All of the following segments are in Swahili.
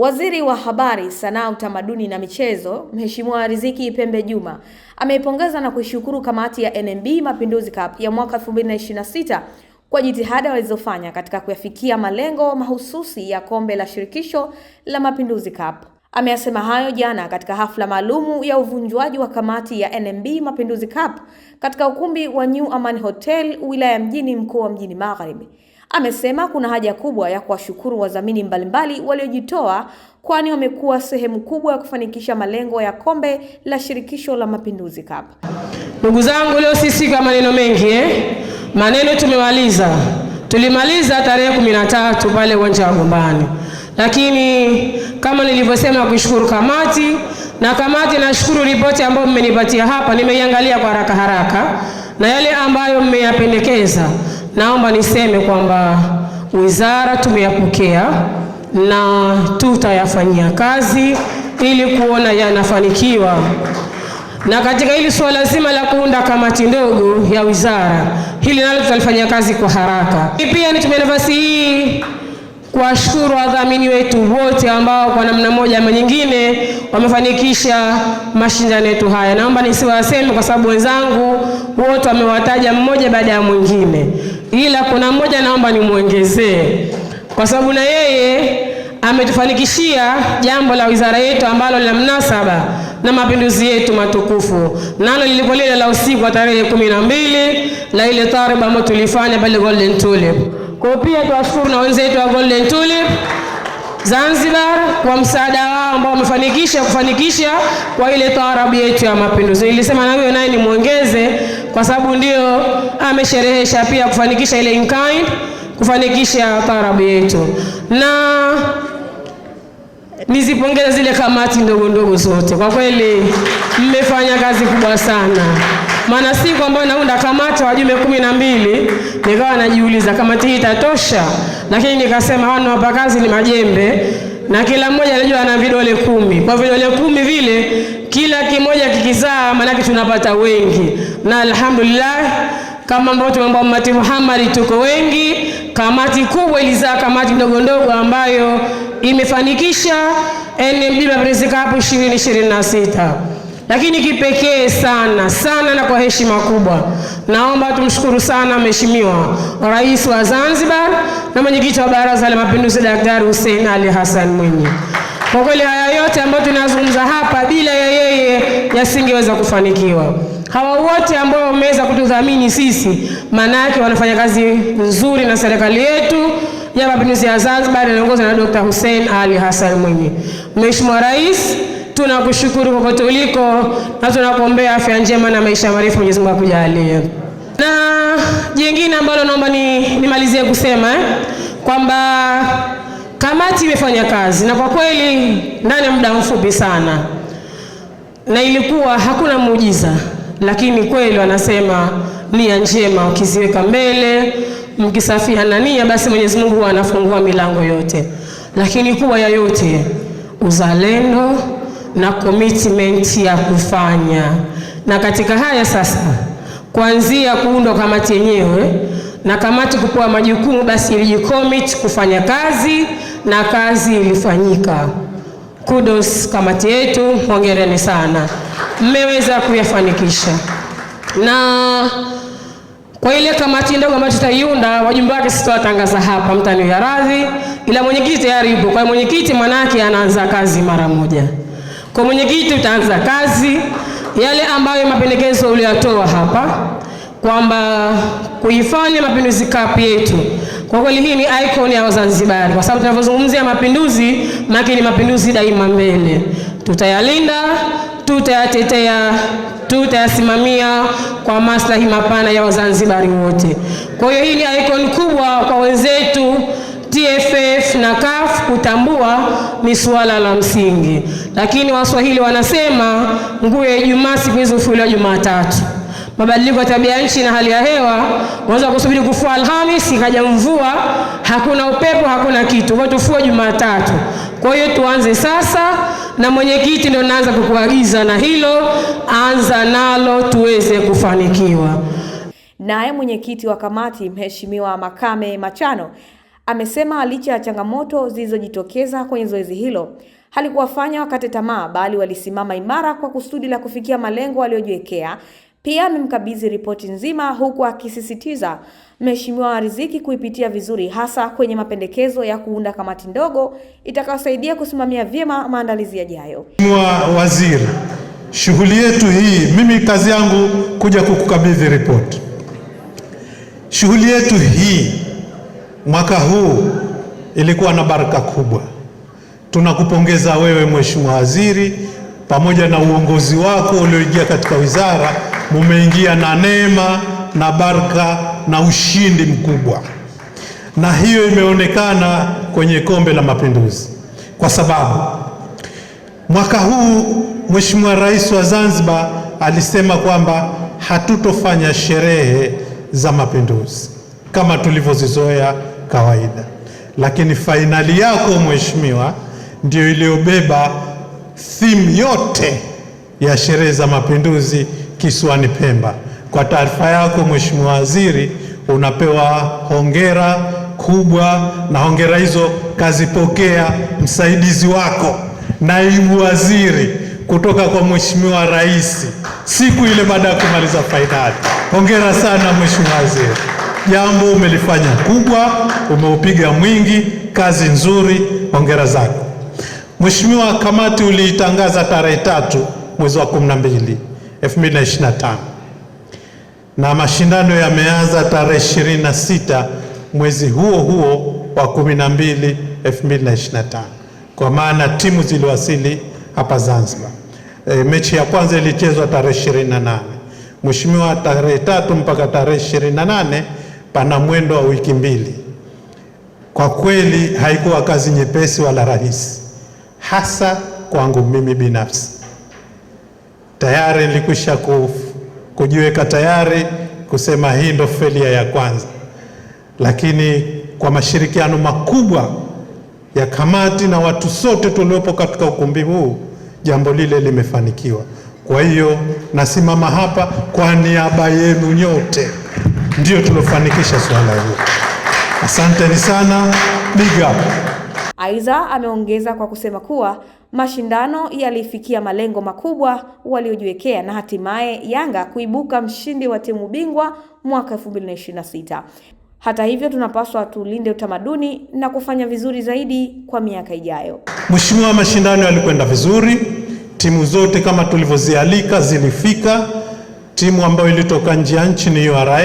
Waziri wa Habari, Sanaa, Utamaduni na Michezo, Mheshimiwa Riziki Pembe Juma ameipongeza na kuishukuru kamati ya NMB Mapinduzi Cup ya mwaka 2026 kwa jitihada walizofanya katika kuyafikia malengo mahususi ya Kombe la Shirikisho la Mapinduzi Cup. Ameyasema hayo jana katika hafla maalumu ya uvunjwaji wa kamati ya NMB Mapinduzi Cup katika ukumbi wa New Amani Hotel, wilaya mjini, mkoa wa Mjini Magharibi amesema kuna haja kubwa ya kuwashukuru wadhamini mbalimbali waliojitoa, kwani wamekuwa sehemu kubwa ya kufanikisha malengo ya kombe la shirikisho la Mapinduzi Cup. Ndugu zangu, leo sisi kwa maneno mengi eh? Maneno tumemaliza, tulimaliza tarehe kumi na tatu pale uwanja wa Gombani, lakini kama nilivyosema, kushukuru kamati na kamati, nashukuru ripoti ambayo mmenipatia hapa, nimeiangalia kwa haraka haraka na yale ambayo mmeyapendekeza Naomba niseme kwamba wizara tumeyapokea na tutayafanyia kazi ili kuona yanafanikiwa. Na katika hili suala zima la kuunda kamati ndogo ya wizara, hili nalo tutalifanyia kazi kwa haraka. Pia nitumie nafasi hii kuwashukuru wadhamini wetu wote ambao kwa namna moja ama nyingine wamefanikisha mashindano yetu haya. Naomba nisiwaseme kwa sababu wenzangu wote wamewataja mmoja baada ya mwingine ila kuna mmoja naomba nimwongezee, kwa sababu na yeye ametufanikishia jambo la wizara yetu ambalo lina mnasaba na mapinduzi yetu matukufu, nalo lilikuwa lile la usiku wa tarehe kumi na mbili la ile tariba ambayo tulifanya pale Golden Tulip. Kwa pia tuwashukuru na wenzetu wa Golden Tulip Zanzibar kwa msaada wao ambao wamefanikisha kufanikisha kwa ile tarabu yetu ya mapinduzi. Nilisema na wewe naye nimwongeze kwa sababu ndio amesherehesha pia kufanikisha ile in kind, kufanikisha tarabu yetu, na nizipongeza zile kamati ndogo ndogo zote. Kwa kweli mmefanya kazi kubwa sana, maana si kwamba naunda kamati wajumbe kumi na mbili nikawa najiuliza kamati hii itatosha, lakini nikasema wanawapa kazi ni majembe na kila mmoja anajua ana vidole kumi. Kwa vidole kumi vile kila kizaa, maanake tunapata wengi, na alhamdulillah kama ambavyo tumeomba ummati Muhammad tuko wengi. Kamati kubwa ilizaa kamati ndogo ndogo ambayo imefanikisha NMB Mapinduzi Cup 2026 lakini kipekee sana sana na kwa heshima kubwa, naomba tumshukuru sana Mheshimiwa Rais wa Zanzibar na mwenyekiti wa Baraza la Mapinduzi Daktari Hussein Ali Hassan Mwinyi. Kwa kweli haya yote ambayo tunazungumza hapa bila yeye yasingeweza kufanikiwa. Hawa wote ambao wameweza kutudhamini sisi, maana yake wanafanya kazi nzuri na serikali yetu ya mapinduzi ya Zanzibar inaongozwa na Dr. Hussein Ali Hassan Mwinyi. Mheshimiwa Rais, tunakushukuru kote uliko na tunakuombea afya njema na maisha marefu Mwenyezi Mungu akujalie. Na jingine ambalo naomba ni nimalizie kusema eh, kwamba kamati imefanya kazi na kwa kweli ndani ya muda mfupi sana na ilikuwa hakuna muujiza, lakini kweli wanasema nia njema ukiziweka mbele, mkisafia na nia, basi Mwenyezi Mungu huwa anafungua milango yote. Lakini kuwa ya yote uzalendo na commitment ya kufanya. Na katika haya sasa, kuanzia kuundwa kamati yenyewe na kamati kupewa majukumu, basi ilijikomit kufanya kazi na kazi ilifanyika. Kudos kamati yetu, hongereni sana, mmeweza kuyafanikisha. Na kwa ile kamati ndogo ambayo tutaiunda, wajumbe wake sitawatangaza hapa, mtaniwia radhi, ila mwenyekiti tayari yupo. Kwa mwenyekiti, manake anaanza kazi mara moja. Kwa mwenyekiti, utaanza kazi yale ambayo mapendekezo uliyatoa hapa kwamba kuifanya Mapinduzi Cup yetu kwa kweli hii ni icon ya Wazanzibari, kwa sababu tunavyozungumzia mapinduzi, maki ni mapinduzi daima mbele. Tutayalinda, tutayatetea, tutayasimamia kwa maslahi mapana ya Wazanzibari wote. Kwa hiyo hii ni icon kubwa kwa wenzetu TFF na CAF kutambua ni suala la msingi, lakini Waswahili wanasema nguo ya Ijumaa siku hizi hufuliwa Jumatatu mabadiliko ya tabia nchi na hali ya hewa, unaweza kusubiri kufua Alhamis ikaja mvua, hakuna upepo, hakuna kitu, kwa tufue Jumatatu. Kwa hiyo tuanze sasa, na mwenyekiti ndio naanza kukuagiza na hilo, anza nalo tuweze kufanikiwa. Naye mwenyekiti wa kamati Mheshimiwa Makame Machano amesema licha ya changamoto zilizojitokeza kwenye zoezi hilo halikuwafanya wakate tamaa, bali walisimama imara kwa kusudi la kufikia malengo waliojiwekea pia amemkabidhi ripoti nzima huku akisisitiza Mheshimiwa Riziki kuipitia vizuri hasa kwenye mapendekezo ya kuunda kamati ndogo itakayosaidia kusimamia vyema maandalizi yajayo. Mheshimiwa Waziri, shughuli yetu hii, mimi kazi yangu kuja kukukabidhi ripoti. Shughuli yetu hii mwaka huu ilikuwa na baraka kubwa. Tunakupongeza wewe Mheshimiwa Waziri pamoja na uongozi wako ulioingia katika wizara mumeingia na neema na baraka na ushindi mkubwa, na hiyo imeonekana kwenye kombe la Mapinduzi, kwa sababu mwaka huu Mheshimiwa Rais wa Zanzibar alisema kwamba hatutofanya sherehe za mapinduzi kama tulivyozizoea kawaida, lakini fainali yako mheshimiwa, ndiyo iliyobeba theme yote ya sherehe za mapinduzi kisiwani Pemba. Kwa taarifa yako Mheshimiwa Waziri, unapewa hongera kubwa, na hongera hizo kazipokea msaidizi wako naibu waziri kutoka kwa Mheshimiwa Rais siku ile baada ya kumaliza fainali. Hongera sana Mheshimiwa Waziri, jambo umelifanya kubwa, umeupiga mwingi, kazi nzuri, hongera zako. Mheshimiwa, kamati uliitangaza tarehe tatu mwezi wa kumi na mbili 2025 na mashindano yameanza tarehe 26 mwezi huo huo wa 12 2025, kwa maana timu ziliwasili hapa Zanzibar. E, mechi ya kwanza ilichezwa tarehe 28. Mheshimiwa, tarehe tatu mpaka tarehe 28 pana mwendo wa wiki mbili. Kwa kweli haikuwa kazi nyepesi wala rahisi, hasa kwangu mimi binafsi tayari nilikwisha kujiweka tayari kusema hii ndo failure ya kwanza, lakini kwa mashirikiano makubwa ya kamati na watu sote tuliopo katika ukumbi huu jambo lile limefanikiwa. Kwa hiyo nasimama hapa kwa niaba yenu nyote, ndio tulofanikisha swala hili. Asanteni sana, big up. Aidha ameongeza kwa kusema kuwa mashindano yalifikia malengo makubwa waliojiwekea na hatimaye Yanga kuibuka mshindi wa timu bingwa mwaka 2026. Hata hivyo, tunapaswa tulinde utamaduni na kufanya vizuri zaidi kwa miaka ijayo. Mheshimiwa, mashindano yalikwenda vizuri, timu zote kama tulivyozialika zilifika. Timu ambayo ilitoka nje ya nchi ni URA,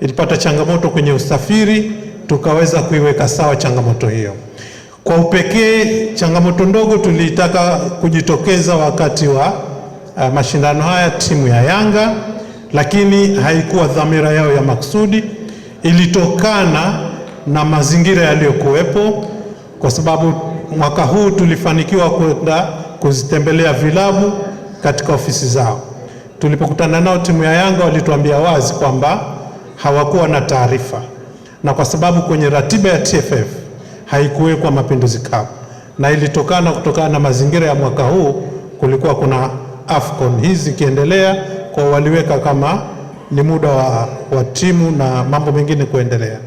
ilipata changamoto kwenye usafiri, tukaweza kuiweka sawa changamoto hiyo. Kwa upekee changamoto ndogo tulitaka kujitokeza wakati wa uh, mashindano haya timu ya Yanga, lakini haikuwa dhamira yao ya maksudi, ilitokana na mazingira yaliyokuwepo, kwa sababu mwaka huu tulifanikiwa kwenda kuzitembelea vilabu katika ofisi zao. Tulipokutana nao timu ya Yanga walituambia wazi kwamba hawakuwa na taarifa, na kwa sababu kwenye ratiba ya TFF haikuwekwa Mapinduzi Cup na ilitokana kutokana na mazingira ya mwaka huu, kulikuwa kuna AFCON hizi zikiendelea, kwa waliweka kama ni muda wa, wa timu na mambo mengine kuendelea.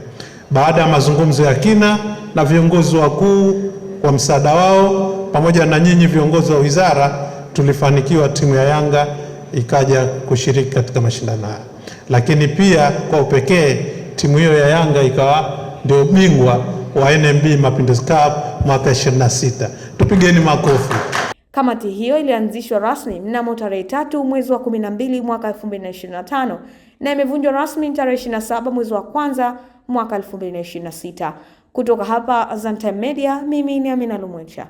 Baada ya mazungumzo ya kina na viongozi wakuu kwa msaada wao pamoja na nyinyi viongozi wa wizara, tulifanikiwa timu ya Yanga ikaja kushiriki katika mashindano haya, lakini pia kwa upekee timu hiyo ya Yanga ikawa ndio bingwa wa NMB Mapinduzi Cup mwaka 26. Tupigeni makofi. Kamati hiyo ilianzishwa rasmi mnamo tarehe tatu mwezi wa 12 mwaka 2025 na imevunjwa rasmi tarehe 27 mwezi wa kwanza mwaka 2026. Kutoka hapa Zantime Media, mimi ni Amina Lumwecha.